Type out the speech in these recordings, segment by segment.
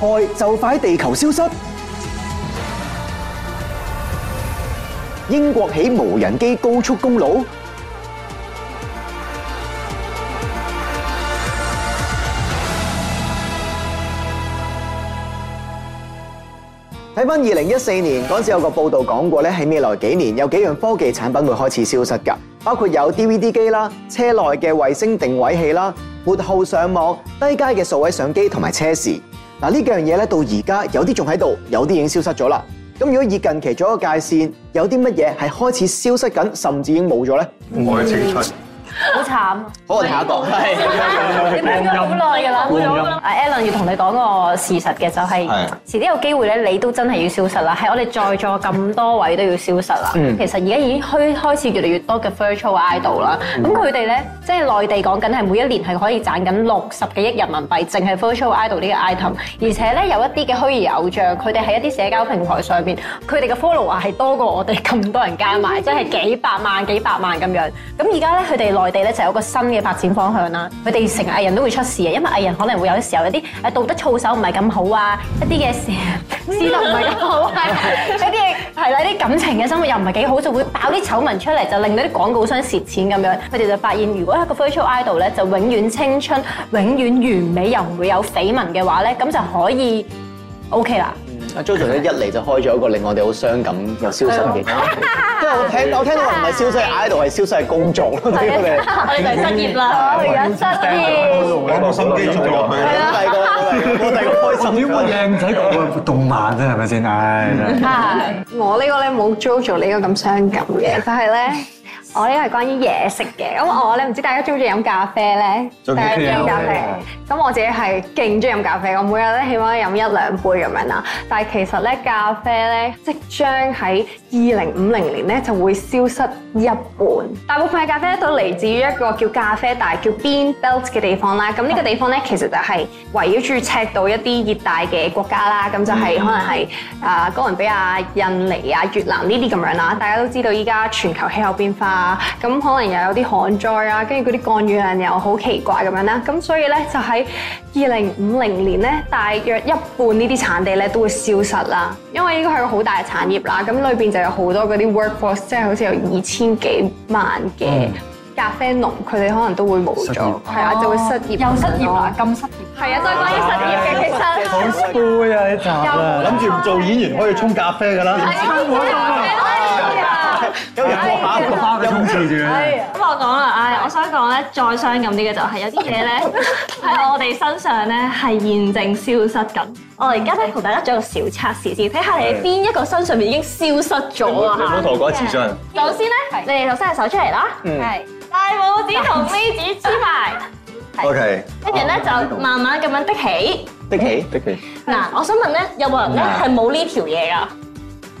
氦就快喺地球消失？英國起無人機高速公路？睇翻二零一四年嗰陣時有個報道講過咧，喺未來幾年有幾樣科技產品會開始消失噶，包括有 D V D 機啦、車內嘅衛星定位器啦、撥號上網、低階嘅數位相機同埋車匙。嗱呢幾樣嘢咧，到而家有啲仲喺度，有啲已經消失咗啦。咁如果以近期做一個界線，有啲乜嘢係開始消失緊，甚至已經冇咗呢？我嘅青春。 好慘，可能下一個係冇咁耐噶啦，冇咁耐。阿 Allen 要同你講個事實嘅，就係遲啲有機會咧，你都真係要消失啦。係我哋在座咁多位都要消失啦。其實而家已經開開始越嚟越多嘅 virtual idol 啦。咁佢哋咧，即係內地講緊係每一年係可以賺緊六十幾億人民幣，淨係 virtual idol 呢個 item。而且咧，有一啲嘅虛擬偶像，佢哋喺一啲社交平台上邊，佢哋嘅 follower 係多過我哋咁多人加埋，即係幾百萬、幾百萬咁樣。咁而家咧佢哋內佢哋咧就有一個新嘅發展方向啦。佢哋成藝人都會出事啊，因為藝人可能會有啲時候有啲道德操守唔係咁好啊，一啲嘅事，道德唔係咁好啊，一啲係啦，啲感情嘅生活又唔係幾好，就會爆啲醜聞出嚟，就令到啲廣告商蝕錢咁樣。佢哋就發現，如果一個 virtual idol 咧就永遠青春、永遠完美又唔會有緋聞嘅話咧，咁就可以 OK 啦。阿 JoJo 咧一嚟就開咗一個令我哋好傷感又消失嘅，因為我聽我聽到唔係消逝，idol 係消逝工作咯，俾我哋失業啦，而家失業，揾冇薪工作，係啊，我第二個開心，因為靚仔講動漫啫，係咪先？係我呢個咧冇 JoJo 呢個咁傷感嘅，但係咧。我呢個係關於嘢食嘅，咁我咧唔知大家中唔中意飲咖啡咧？中意咖啡。咁啡我自己係勁中意飲咖啡，我每日咧起碼飲一兩杯咁樣啦。但係其實咧，咖啡咧即將喺二零五零年咧就會消失一半。大部分嘅咖啡都嚟自於一個叫咖啡帶、叫 Bean Belt 嘅地方啦。咁呢個地方咧其實就係圍繞住赤道一啲熱帶嘅國家啦。咁就係可能係啊哥倫比亞、印尼啊、越南呢啲咁樣啦。大家都知道依家全球氣候變化。咁可能又有啲旱災啊，跟住嗰啲降雨量又好奇怪咁樣啦，咁所以咧就喺二零五零年咧，大約一半呢啲產地咧都會消失啦。因為呢個係個好大嘅產業啦，咁裏邊就有好多嗰啲 workforce，即係好似有二千幾萬嘅咖啡農，佢哋可能都會冇咗，係啊，就會失業，又失業啦，咁失業。係啊，都係關於失業嘅，其實好灰啊呢集啊，諗住唔做演員可以沖咖啡㗎啦。有人握翻一個花嘅充字住啦。咁我講啦，唉，我想講咧，再傷感啲嘅就係有啲嘢咧喺我哋身上咧係現正消失緊。我而家咧同大家做個小測試先，睇下你邊一個身上面已經消失咗啊嚇。唔好錯過一次獎。首先咧，你哋就伸隻手出嚟啦。嗯，係。大拇指同尾指黐埋。OK。跟住咧就慢慢咁樣的起。的起，的起。嗱，我想問咧，有冇人咧係冇呢條嘢噶？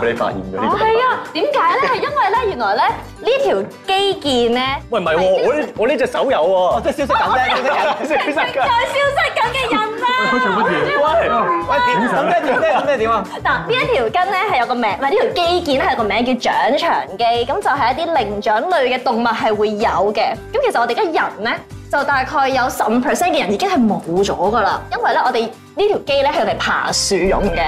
俾你發現咗呢啲係啊？點解咧？係因為咧，原來咧呢條肌腱咧，喂唔係喎，我呢我呢隻手有喎，即係消失緊咧，消失緊嘅人，消失在消失緊嘅人啦。邊條筋啊？邊條筋咧？咁咩點啊？嗱，邊一條筋咧係有個名，唔係呢條肌腱係有個名叫掌長肌，咁就係一啲靈長類嘅動物係會有嘅。咁其實我哋嘅人咧。就大概有十五 percent 嘅人已經係冇咗㗎啦，因為咧我哋呢條機咧係用嚟爬樹用嘅，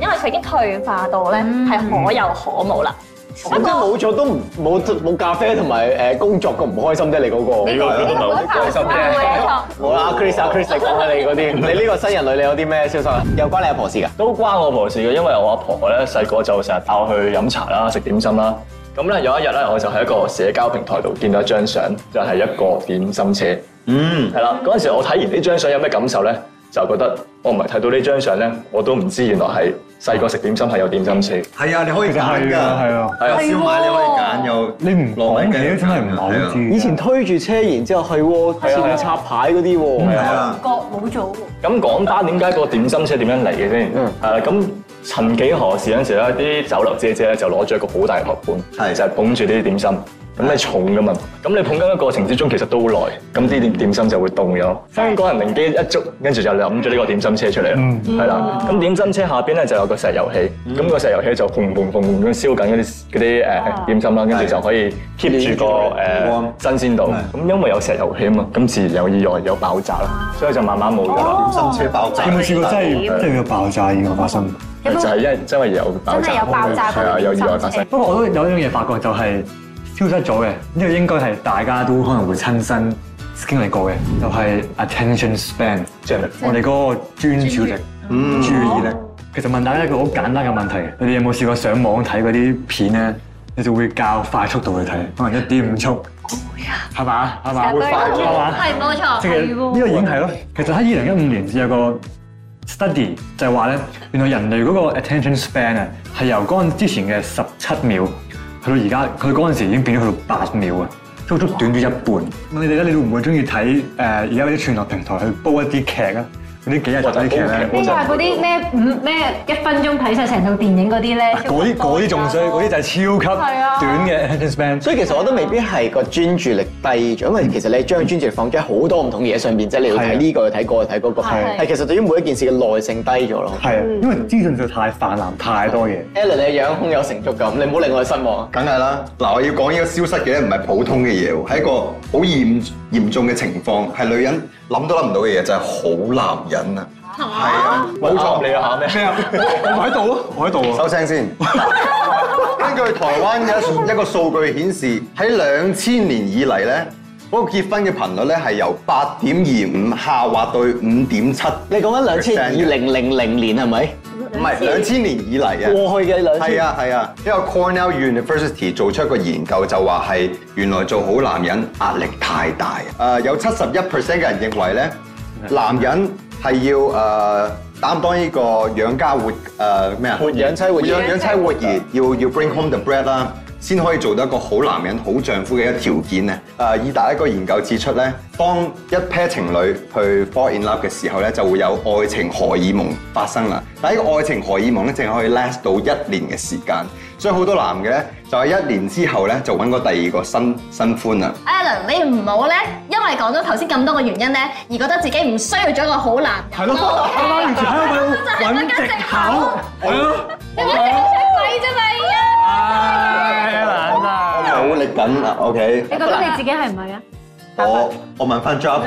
因為佢已經退化到咧係可有可無啦。不過冇咗都冇冇咖啡同埋誒工作咁唔開心啫，你嗰個呢個都唔係好開心嘅。好啦，Chris，Chris，啊講下你嗰啲，你呢個新人類你有啲咩消息啊？又關你阿婆事㗎？都關我婆事嘅，因為我阿婆咧細個就成日帶我去飲茶啦，食點心啦。咁咧有一日咧，我就喺一個社交平台度見到一張相，就係一個點心車。嗯，係啦。嗰陣時我睇完呢張相有咩感受咧？就覺得我唔係睇到呢張相咧，我都唔知原來係細個食點心係有點心車。係啊，你可以揀㗎，係啊，係啊，燒賣你可以揀有。你唔講嘅真係唔諗住。以前推住車，然之後係喎，插牌嗰啲喎，啊，覺冇做。咁講返點解個點心車點樣嚟嘅先？誒咁。曾幾何時嗰陣時咧，啲酒樓姐姐就攞住一個好大嘅木盤，就是的 捧住啲點心。咁你重噶嘛？咁你捧緊嘅過程之中，其實都好耐，咁啲點點心就會凍咗。香港人靈機一觸，跟住就諗咗呢個點心車出嚟啦。係啦，咁點心車下邊咧就有個石油氣，咁個石油氣就砰砰砰咁燒緊嗰啲啲誒點心啦，跟住就可以 keep 住個誒新鮮度。咁因為有石油氣啊嘛，咁自然有意外有爆炸啦，所以就慢慢冇咗點心車爆炸。你有冇試過真係一定要爆炸嘅嘢發生？就係因為真係有爆炸，有爆炸，係啊有意外發生。不過我都有一樣嘢發覺就係。消失咗嘅，呢、這個應該係大家都可能會親身經歷過嘅，就係、是、attention span，即係棒我哋嗰個專注、嗯、力、注意力。其實問大家一個好簡單嘅問題，你哋有冇試過上網睇嗰啲片咧？你就會較快速度去睇，可能一點五速，係嘛、哦？係嘛？會快啲，係冇錯。呢個已經係咯。其實喺二零一五年有個 study 就係話咧，原來人類嗰個 attention span 啊係由嗰陣之前嘅十七秒。到而家，佢嗰陣時已經變咗去到八秒啊，足足短咗一半。咁你哋咧，你哋會唔會鍾意睇誒而家啲串流平台去煲一啲劇啊？呢幾日睇啲劇咧？邊個係嗰啲咩五咩一分鐘睇晒成套電影嗰啲咧？嗰啲啲仲衰，嗰啲就係超級短嘅。所以其實我都未必係個專注力低咗，因為其實你將專注力放咗喺好多唔同嘢上面，即係你要睇呢個、睇嗰個、睇嗰個。係其實對於每一件事嘅耐性低咗咯。係啊，因為資訊上太泛濫，太多嘢。Ellen，你嘅樣胸有成竹咁，你唔好令我失望。梗係啦，嗱，我要講呢個消失嘅唔係普通嘅嘢，係一個好嚴嚴重嘅情況，係女人諗都諗唔到嘅嘢，就係好男人。緊啊！係啊，冇錯，你啊嚇咩？我喺度啊，我喺度啊。收聲先。根據台灣嘅一一個數據顯示，喺兩千年以嚟咧，嗰個結婚嘅頻率咧係由八點二五下滑到五點七。你講緊兩千年，二零零零年係咪？唔係兩千年以嚟啊。過去嘅兩係啊係啊，一個 Cornell University 做出一個研究，就話係原來做好男人壓力太大。誒，有七十一 percent 嘅人認為咧，男人。係要誒擔當呢個養家活誒咩啊？養、呃、妻活兒，養妻活兒，活活兒要要 bring home the bread 啦，先可以做到一個好男人、好丈夫嘅一個條件咧。誒、嗯，意大利一個研究指出咧，當一 pair 情侶去 fall in love 嘅時候咧，就會有愛情荷爾蒙發生啦。但係呢個愛情荷爾蒙咧，淨係可以 last 到一年嘅時間。所以好多男嘅咧，就喺一年之後咧，就揾過第二個新新歡啊！Allen，你唔好咧，因為講咗頭先咁多個原因咧，而覺得自己唔需要再個好男，係咯？揾藉口，係咯？有冇藉口出鬼啫你？努力緊啊，OK。你覺得你自己係唔係啊？我我問翻 Job，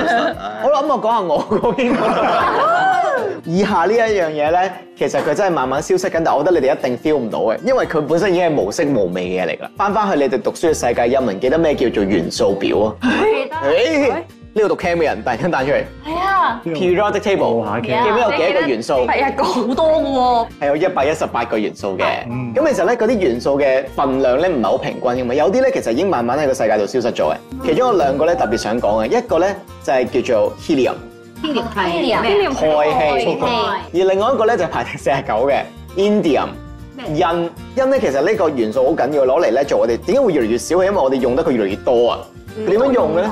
好喇，咁我講下我嗰邊。以下呢一樣嘢咧，其實佢真係慢慢消失緊，但係我覺得你哋一定 feel 唔到嘅，因為佢本身已經係無色無味嘅嘢嚟㗎啦。返返去你哋讀書嘅世界，有冇人記得咩叫做元素表啊？記得。呢度讀 chemistry，突然間彈出嚟。係啊，periodic table。數下嘅。記唔記得有幾多個元素？一百一個好多嘅喎。係有一百一十八個元素嘅。咁其實咧，嗰啲元素嘅份量咧，唔係好平均嘅嘛。有啲咧，其實已經慢慢喺個世界度消失咗嘅。其中有兩個咧，特別想講嘅，一個咧就係叫做 helium。氦氣，而另外一個咧就排第四十九嘅 indium，銦，銦咧其實呢個元素好緊要，攞嚟咧做我哋點解會越嚟越少？因為我哋用得佢越嚟越多啊！點樣用嘅咧？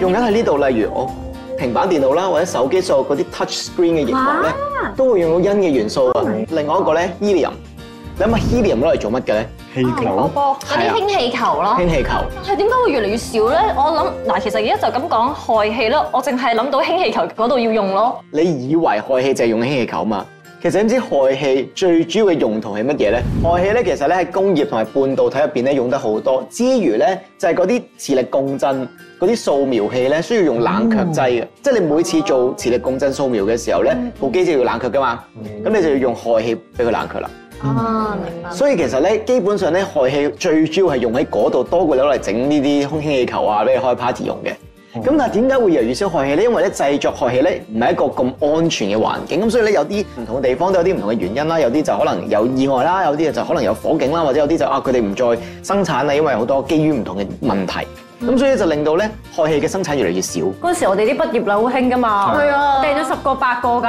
用緊係呢度，例如我平板電腦啦，或者手機所有嗰啲 touch screen 嘅屏幕咧，都會用到銦嘅元素啊！另外一個咧 helium，你諗下 helium 攞嚟做乜嘅咧？氣球，嗰啲氫氣球咯，氫氣球。球。但係點解會越嚟越少咧？我諗嗱，其實而家就咁講氦氣咯，我淨係諗到氫氣球嗰度要用咯。你以為氦氣就係用氫氣球嘛？其實點知氦氣最主要嘅用途係乜嘢咧？嗯、氦氣咧其實咧喺工業同埋半導體入邊咧用得好多，之餘咧就係嗰啲磁力共振嗰啲掃描器咧需要用冷卻劑嘅，即係、哦、你每次做磁力共振掃描嘅時候咧，部機、嗯嗯、就要冷卻噶嘛，咁你就要用氦氣俾佢冷卻啦。啊，明白。所以其實咧，基本上咧，氦氣最主要係用喺嗰度多過攞嚟整呢啲空氣氣球啊，俾你開 party 用嘅。咁的但係點解會越嚟越少氦氣咧？因為咧製作氦氣咧唔係一個咁安全嘅環境，咁所以咧有啲唔同嘅地方都有啲唔同嘅原因啦。有啲就可能有意外啦，有啲就可能有火警啦，或者有啲就啊佢哋唔再生產啦，因為好多基於唔同嘅問題。咁所以就令到咧氦氣嘅生產越嚟越少。嗰時我哋啲畢業禮好興噶嘛，掟咗十個八個㗎，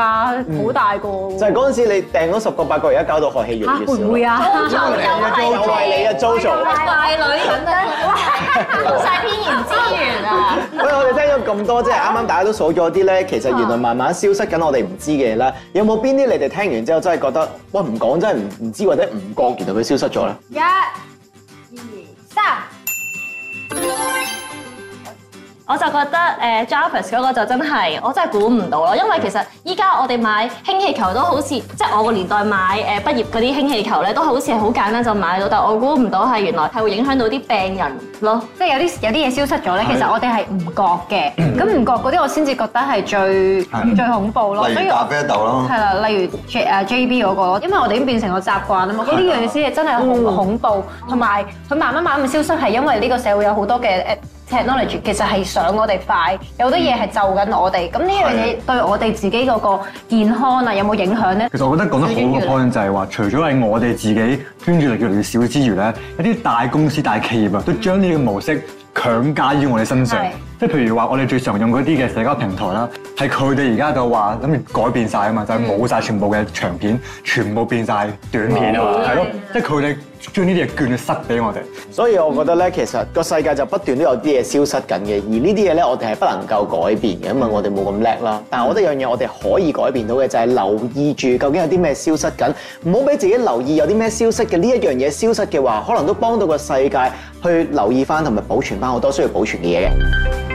好大個。就係嗰陣時你掟咗十個八個，而家搞到氦氣越嚟越少。會唔會啊？都怪你啊，都怪你啊，都怪你！咁用曬天然資源。喂，我哋聽咗咁多，即係啱啱大家都數咗啲咧，其實原來慢慢消失緊，我哋唔知嘅嘢啦。有冇邊啲你哋聽完之後真係覺得，喂，唔講真係唔唔知，或者唔覺然後佢消失咗咧？一、二、三。我就覺得誒，Java 嗰個就真係，我真係估唔到咯。因為其實依家我哋買氫氣球都好似，即係我個年代買誒畢業嗰啲氫氣球咧，都好似係好簡單就買到。但我估唔到係原來係會影響到啲病人咯。即係有啲有啲嘢消失咗咧，其實我哋係唔覺嘅。咁唔覺嗰啲，我先至覺得係的最的最恐怖咯。例如咖啡豆咯，係啦，例如誒 JB 嗰個，因為我哋已經變成個習慣啊嘛。咁呢樣嘢先係真係好的恐怖，同埋佢慢慢慢慢消失係因為呢個社會有好多嘅誒。technology 其實係想我哋快，有好多嘢係就緊我哋。咁呢樣嘢對我哋自己嗰個健康啊，有冇影響咧？其實我覺得講得好嘅，最緊要 point 就係話，除咗係我哋自己專注力越嚟越少之餘咧，一啲大公司、大企業啊，都將呢個模式強加於我哋身上。嗯。即係譬如話，我哋最常用嗰啲嘅社交平台啦，係佢哋而家就話諗住改變晒啊嘛，就係冇晒全部嘅長片，全部變晒短片啊嘛，係咯，對對即係佢哋將呢啲嘢劵咗塞俾我哋。所以我覺得咧，其實個世界就不斷都有啲嘢消失緊嘅，而呢啲嘢咧，我哋係不能夠改變嘅，因為我哋冇咁叻啦。但係我覺得有樣嘢我哋可以改變到嘅就係留意住究竟有啲咩消失緊，唔好俾自己留意有啲咩消失嘅呢一樣嘢消失嘅話，可能都幫到個世界去留意翻同埋保存翻好多需要保存嘅嘢嘅。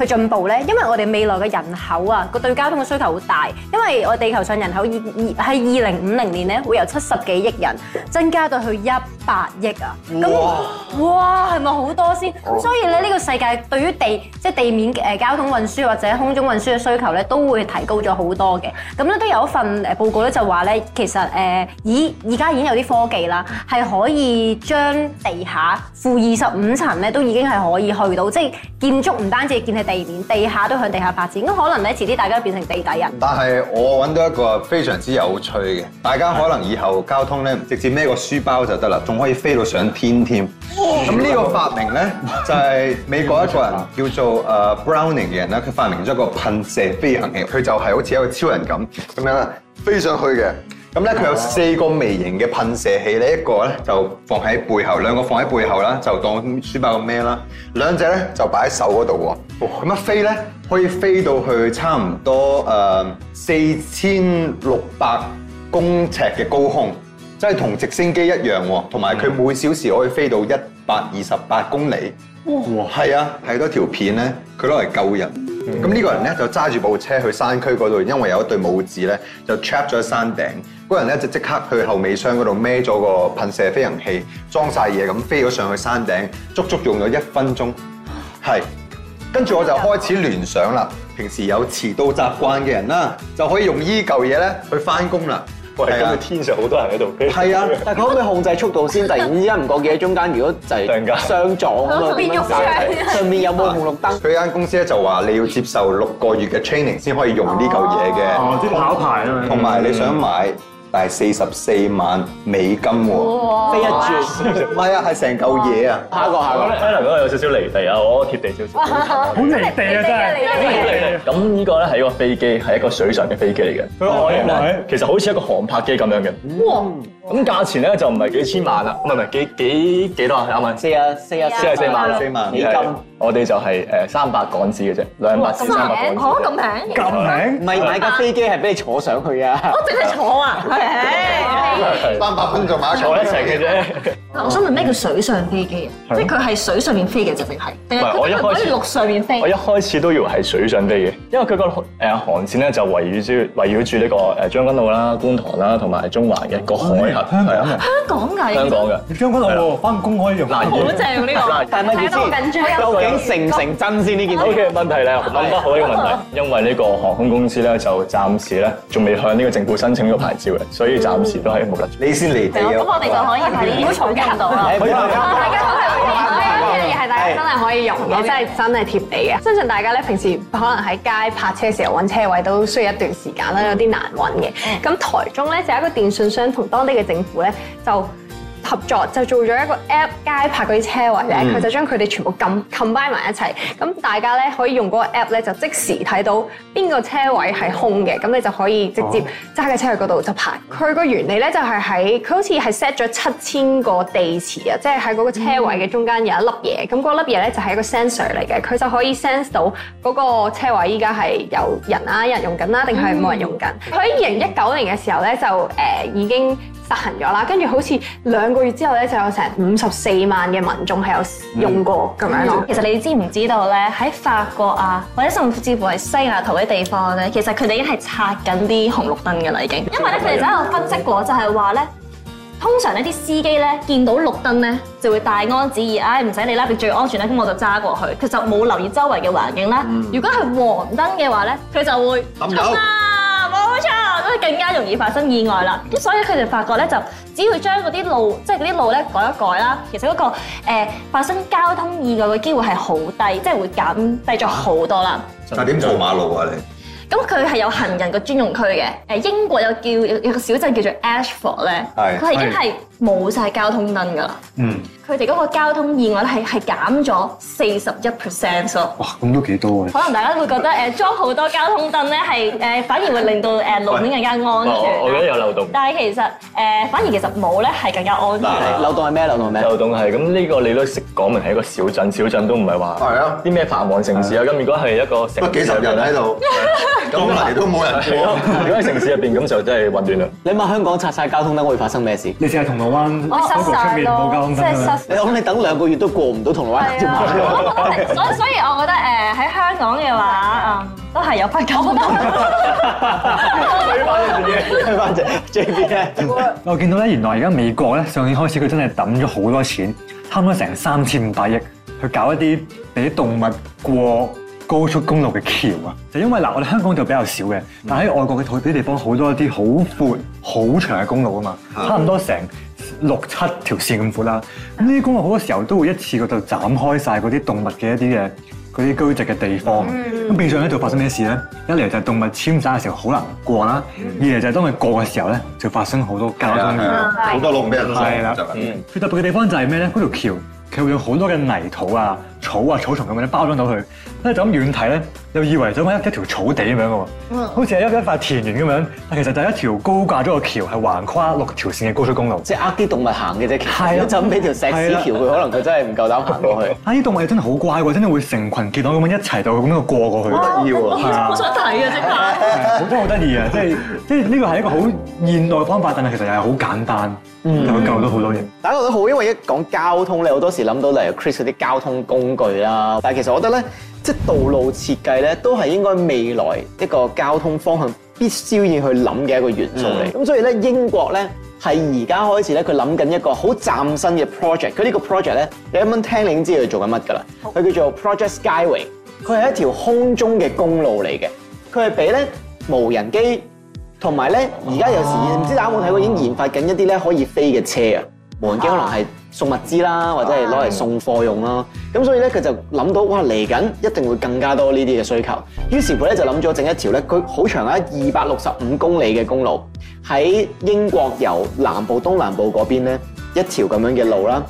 去進步咧，因為我哋未來嘅人口啊，個對交通嘅需求好大。因為我地球上人口已已喺二零五零年咧，會由七十幾億人增加到去一百億啊！咁哇，哇，係咪好多先？哇 所以咧，呢、這個世界對於地即係、就是、地面誒交通運輸或者空中運輸嘅需求咧，都會提高咗好多嘅。咁咧都有一份誒報告咧，就話咧，其實誒以而家已經有啲科技啦，係可以將地下負二十五層咧，都已經係可以去到，即、就、係、是、建築唔單止建地面、地下都向地下發展，咁可能咧，遲啲大家都變成地底人。但係我揾到一個非常之有趣嘅，大家可能以後交通咧，直接孭個書包就得啦，仲可以飛到上天添。咁呢哇個發明咧，就係、是、美國一個人叫做誒 Browning 嘅人咧，佢發明咗一個噴射飛行器，佢就係好似一個超人咁咁樣啦，樣飛上去嘅。咁咧，佢有四個微型嘅噴射器，咧一個咧就放喺背後，兩個放喺背後啦，就當書包咁孭啦，兩隻咧就擺喺手嗰度喎。咁、哦、一飛咧，可以飛到去差唔多誒四千六百公尺嘅高空，真係同直升機一樣，同埋佢每小時可以飛到一百二十八公里。哇，係、哦、啊，睇多條片咧，佢攞嚟救人。咁呢、嗯、個人咧就揸住部車去山區嗰度，因為有一對母子咧就 trap 咗喺山頂，個人咧就即刻去後尾箱嗰度孭咗個噴射飛行器，裝晒嘢，咁飛咗上去山頂，足足用咗一分鐘。係、嗯，跟住、啊、我就開始聯想啦，平時有遲到習慣嘅人啦，就可以用呢嚿嘢咧去翻工。啦係，跟住天，天上好多人喺度飛。係啊， 但係佢可唔可以控制速度先？突然之間唔覺嘅中間，如果就係相撞啊嘛，上面有冇紅綠燈？佢間 公司咧就話你要接受六個月嘅 training 先可以用呢嚿嘢嘅。哦，要考牌同埋、哦、你想買？大四十四萬美金喎，飛一轉，唔係啊，係成嚿嘢啊。下個下個，睇能嗰度有少少離地啊，我貼地少少，好離地啊真係。咁呢個咧係一個飛機，係一個水上嘅飛機嚟嘅，佢海其實好似一個航拍機咁樣嘅。咁價錢咧就唔係幾千萬啦，唔係唔係幾幾幾多啊？兩萬四啊四啊四啊四萬啦，四萬。我哋就係誒三百港紙嘅啫，兩百兩百。咁平，咁平，唔係買架飛機係俾你坐上去啊！我淨係坐啊，係三百蚊就坐一齊嘅啫。我想問咩叫水上飛機啊？即係佢係水上面飛嘅，直別係定係佢可以陸上面飛？我一開始都以為係水上飛嘅，因為佢個誒航線咧就圍繞住圍繞住呢個誒將軍澳啦、觀塘啦同埋中環嘅個海。香港㗎，香港嘅，香港將軍澳，翻工可以用。好正呢個，睇得緊張。究竟成唔成真先呢件？OK，問題咧諗得好呢個問題，因為呢個航空公司咧就暫時咧仲未向呢個政府申請呢個牌照嘅，所以暫時都係冇得你先嚟，咁我哋就可以好重見度啦。真係可以用嘅，真係真係貼地嘅。相信大家平時可能喺街泊車時候揾車位都需要一段時間啦，有啲難揾嘅。咁、嗯、台中咧就係一個電信商同當地嘅政府咧就。合作就做咗一個 app 街拍嗰啲車位咧，佢、嗯、就將佢哋全部撳 combine 埋一齊，咁大家咧可以用嗰個 app 咧就即時睇到邊個車位係空嘅，咁你就可以直接揸架車去嗰度就排。佢個、哦、原理咧就係喺佢好似係 set 咗七千個地磁啊，即係喺嗰個車位嘅中間有一粒嘢，咁嗰、嗯、粒嘢咧就係一個 sensor 嚟嘅，佢就可以 sense 到嗰個車位依家係有人啦、啊、人啊、有人用緊啦，定係冇人用緊。佢喺二零一九年嘅時候咧就誒、呃、已經。得行咗啦，跟住好似兩個月之後咧，就有成五十四萬嘅民眾係有用過咁樣咯、嗯。嗯、其實你知唔知道咧？喺法國啊，或者甚至乎係西雅圖啲地方咧，其實佢哋已經係拆緊啲紅綠燈㗎啦，已經。因為咧，佢哋就喺度分析過，就係話咧，通常呢啲司機咧見到綠燈咧，就會大安旨意，唉，唔使你啦，你最安全咧，咁我就揸過去。佢就冇留意周圍嘅環境啦。如果係黃燈嘅話咧，佢就會更加容易發生意外啦，咁所以佢哋發覺咧，就只要將嗰啲路，即係嗰啲路咧改一改啦，其實嗰、嗰個誒、呃、發生交通意外嘅機會係好低，即係會減低咗好多啦。但係點做馬路啊？你咁佢係有行人個專用區嘅，誒、呃、英國有叫有，有個小鎮叫做 Ashford 咧，佢係已經係冇晒交通燈噶啦。嗯。佢哋嗰個交通意外咧係係減咗四十一 percent 喎！哇，咁都幾多啊？可能大家會覺得誒裝好多交通燈咧係誒反而會令到誒路面更加安全啦。哦，我覺得有漏洞。但係其實誒反而其實冇咧係更加安全。漏洞係咩漏洞？咩漏洞係咁？呢個你都識講明係一個小鎮，小鎮都唔係話係啊啲咩繁忙城市啊。咁如果係一個百幾十人喺度，咁嚟都冇人過。如果喺城市入邊咁就真係混亂啦。你問香港拆曬交通燈會發生咩事？你試下銅鑼灣，我塞曬咯，即係塞。你諗你等兩個月都過唔到銅鑼灣啊已！所以所以，我覺得誒喺、呃、香港嘅話，嗯、呃，都係有不夠。我見 到咧，原來而家美國咧，上年開始佢真係抌咗好多錢，差唔多成三千五百億去搞一啲俾動物過高速公路嘅橋啊！就是、因為嗱，我、呃、哋香港就比較少嘅，但喺外國嘅土地地方好多一啲好闊、好長嘅公路啊嘛，差唔多成。六七條線咁闊啦，咁呢啲公路好多時候都會一次過就斬開晒嗰啲動物嘅一啲嘅嗰啲居住嘅地方。咁、嗯、變相喺度發生咩事咧？一嚟就係動物遷徙嘅時候好難過啦；嗯、二嚟就係當佢過嘅時候咧，就發生好多交通嘅好多路尾啊！係啦，佢特別嘅地方就係咩咧？嗰條橋佢會用好多嘅泥土啊、草啊、草叢咁樣包裝到佢。咁就咁遠睇咧？又以為咁一一條草地咁樣嘅喎，好似係一一塊田園咁樣，但其實就係一條高架咗個橋，係橫跨六條線嘅高速公路，即係呃啲動物行嘅啫。係啊，了就俾條石屎橋佢，了可能佢真係唔夠膽行過去。啊！啲動物真係好乖喎，真係會成群結黨咁樣一齊就咁樣過過去，得意喎。好想睇啊！即刻，真係好得意啊！即係即係呢個係一個好現代方法，但係其實又係好簡單，又、嗯、救到好多嘢。大家覺得好，因為一講交通咧，好多時諗到例如 Chris 嗰啲交通工具啦，但係其實我覺得咧。即係道路設計咧，都係應該未來一個交通方向必須要去諗嘅一個元素嚟。咁所以咧，英國咧係而家開始咧，佢諗緊一個好嶄新嘅 project。佢呢個 project 咧，你啱啱聽你已經知道佢做緊乜㗎喇？佢叫做 Project Skyway，佢係一條空中嘅公路嚟嘅。佢係俾咧無人機同埋咧，而家有，有時唔知大家有冇睇過，已經研發緊一啲咧可以飛嘅車啊！無人機可能係。送物資啦，或者係攞嚟送貨用咯。咁哇所以咧，佢就諗到哇，嚟緊一定會更加多呢啲嘅需求。於是佢咧，就諗咗整一條咧，佢好長啊，二百六十五公里嘅公路，喺英國由南部東南部嗰邊咧一條咁樣嘅路啦，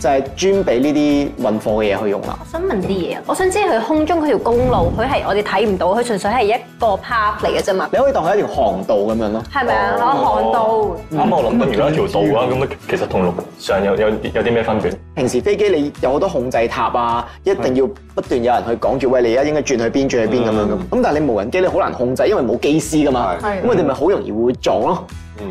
就係專俾呢啲運貨嘅嘢去用啦。我想問啲嘢，我想知佢空中嗰條公路，佢係我哋睇唔到，佢純粹係一。個 park 嚟嘅啫嘛，你可以當佢一條航道咁樣咯，係咪啊？航道咁我諗得如果一條道啊，咁、嗯、其實同陸上有有有啲咩分別？平時飛機你有好多控制塔啊，一定要不斷有人去講住，喂，你而家應該轉去邊轉去邊咁樣咁。咁但係你無人機你好難控制，因為冇機師噶嘛，咁佢哋咪好容易會撞咯。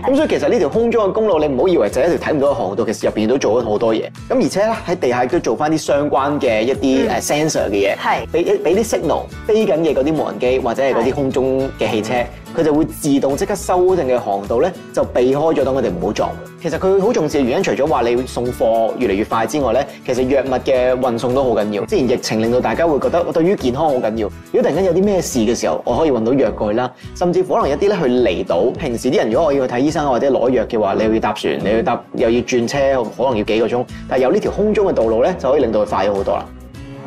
咁、嗯、所以其實呢條空中嘅公路，你唔好以為就係一條睇唔到嘅航道，其實入邊都做咗好多嘢。咁而且咧喺地下都做翻啲相關嘅一啲誒 sensor 嘅嘢，係俾俾啲 signal 飛緊嘅嗰啲無人機或者係嗰啲。空中嘅汽車，佢就會自動即刻修正嘅航道呢，就避開咗，等佢哋唔好撞。其實佢好重視嘅原因，除咗話你送貨越嚟越快之外呢，其實藥物嘅運送都好緊要。之前疫情令到大家會覺得我對於健康好緊要。如果突然間有啲咩事嘅時候，我可以運到藥過去啦。甚至乎可能有一啲呢去離島，平時啲人如果我要去睇醫生或者攞藥嘅話，你又要搭船，你要搭又要轉車，可能要幾個鐘。但係有呢條空中嘅道路呢，就可以令到佢快咗好多啦。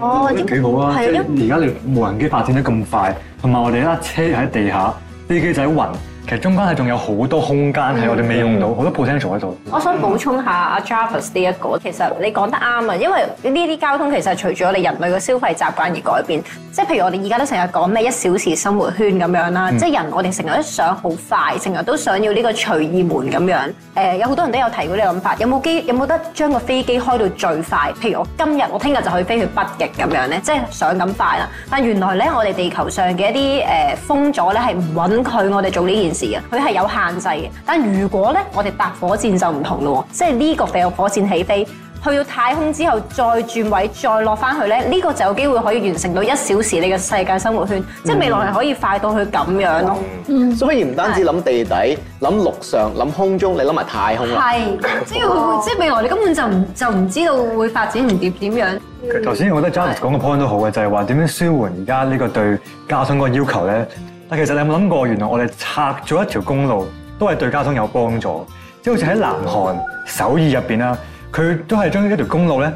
哦，幾好啊！而家的你無人機發展得咁快。同埋我哋拉車喺地下，飛機仔雲。其實中間係仲有好多空間係我哋未用到，好、嗯、多 potential 喺度。我想補充下阿 Jarvis 呢、這、一個，其實你講得啱啊，因為呢啲交通其實係隨住我哋人類嘅消費習慣而改變。即係譬如我哋而家都成日講咩一小時生活圈咁樣啦，即係人我哋成日都想好快，成日都想要呢個隨意門咁樣。誒，有好多人都有提過呢個諗法，有冇機有冇得將個飛機開到最快？譬如我今日我聽日就可以飛去北極咁樣咧，即係想咁快啦。但原來咧，我哋地球上嘅一啲誒封咗咧係唔允許我哋做呢件事。佢係有限制嘅，但如果咧我哋搭火箭就唔同咯，即係呢個地有火箭起飛，去到太空之後再轉位再落翻去咧，呢、這個就有機會可以完成到一小時你嘅世界生活圈，嗯、即係未來係可以快到去咁樣咯。嗯、所以唔單止諗地底、諗陸是上、諗空中，你諗埋太空啦。係是， 即係佢，即係未來你根本就唔就唔知道會發展唔點點樣。頭先、嗯、我覺得 John 講嘅 point 都好嘅，就係話點樣舒緩而家呢個對交通個要求咧。但其實你有冇諗過？原來我哋拆咗一條公路，都係對交通有幫助。即係好似喺南韓首爾入邊啦，佢都係將呢條公路咧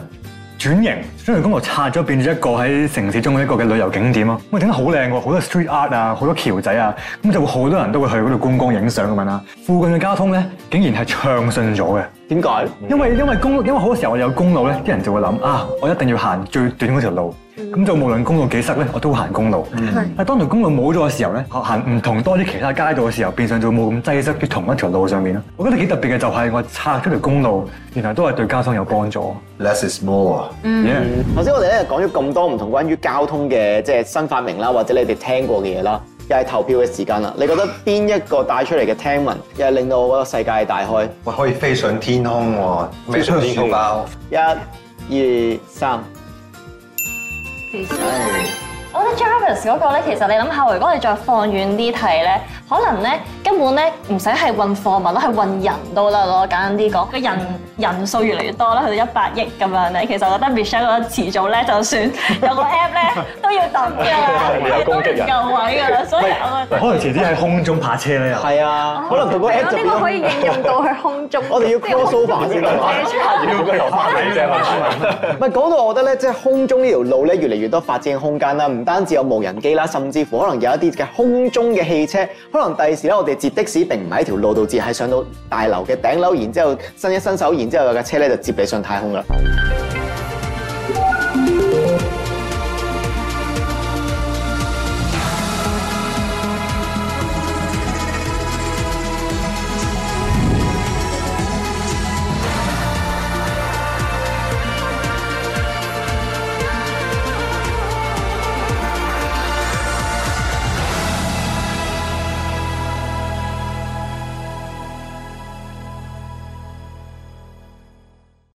轉型，將條公路拆咗，變咗一個喺城市中嘅一個嘅旅遊景點咯。咁整得好靚喎，好多 street art 啊，好多橋仔啊，咁就會好多人都會去嗰度觀光影相咁啊。附近嘅交通咧，竟然係暢順咗嘅。點解？因為因為公路，因為好多時候我哋有公路咧，啲人就會諗啊，我一定要行最短嗰條路。咁、嗯、就無論公路幾塞咧，我都行公路。嗯、但當條公路冇咗嘅時候咧，行唔同多啲其他街道嘅時候，變相就冇咁擠塞於同一條路上面咯。我覺得幾特別嘅就係我拆出條公路，原來都係對交通有幫助。Less is more。嗯。頭先 Yeah. 我哋咧講咗咁多唔同關於交通嘅即係新發明啦，或者你哋聽過嘅嘢啦，又係投票嘅時間啦。你覺得邊一個帶出嚟嘅聽聞又係令到我覺得世界大開？我可以飛上天空喎、啊，飛上天空。一、二、三。我覺得 Jarvis 嗰、那個咧，其實你諗下，如果你再放遠啲睇咧。可能咧根本咧唔使係運貨物咯，係運人都啦，我簡單啲講，個人人數越嚟越多啦，去到一百億咁樣咧，其實我覺得 Michelle 咧遲早咧，就算有個 app 咧都要抌㗎，都唔夠位㗎啦。所以我覺得可能遲啲喺空中泊車咧又係啊，可能同個 app 可以應用到去空中。我哋要 call sofa 先得嘛？唔係講到我覺得咧，即係空中呢條路咧越嚟越多發展空間啦，唔單止有無人機啦，甚至乎可能有一啲嘅空中嘅汽車。可能第二時咧，我哋接的士並唔係喺條路度接，係上到大樓嘅頂樓，然之後伸一伸手，然之後有架車咧就接你上太空啦。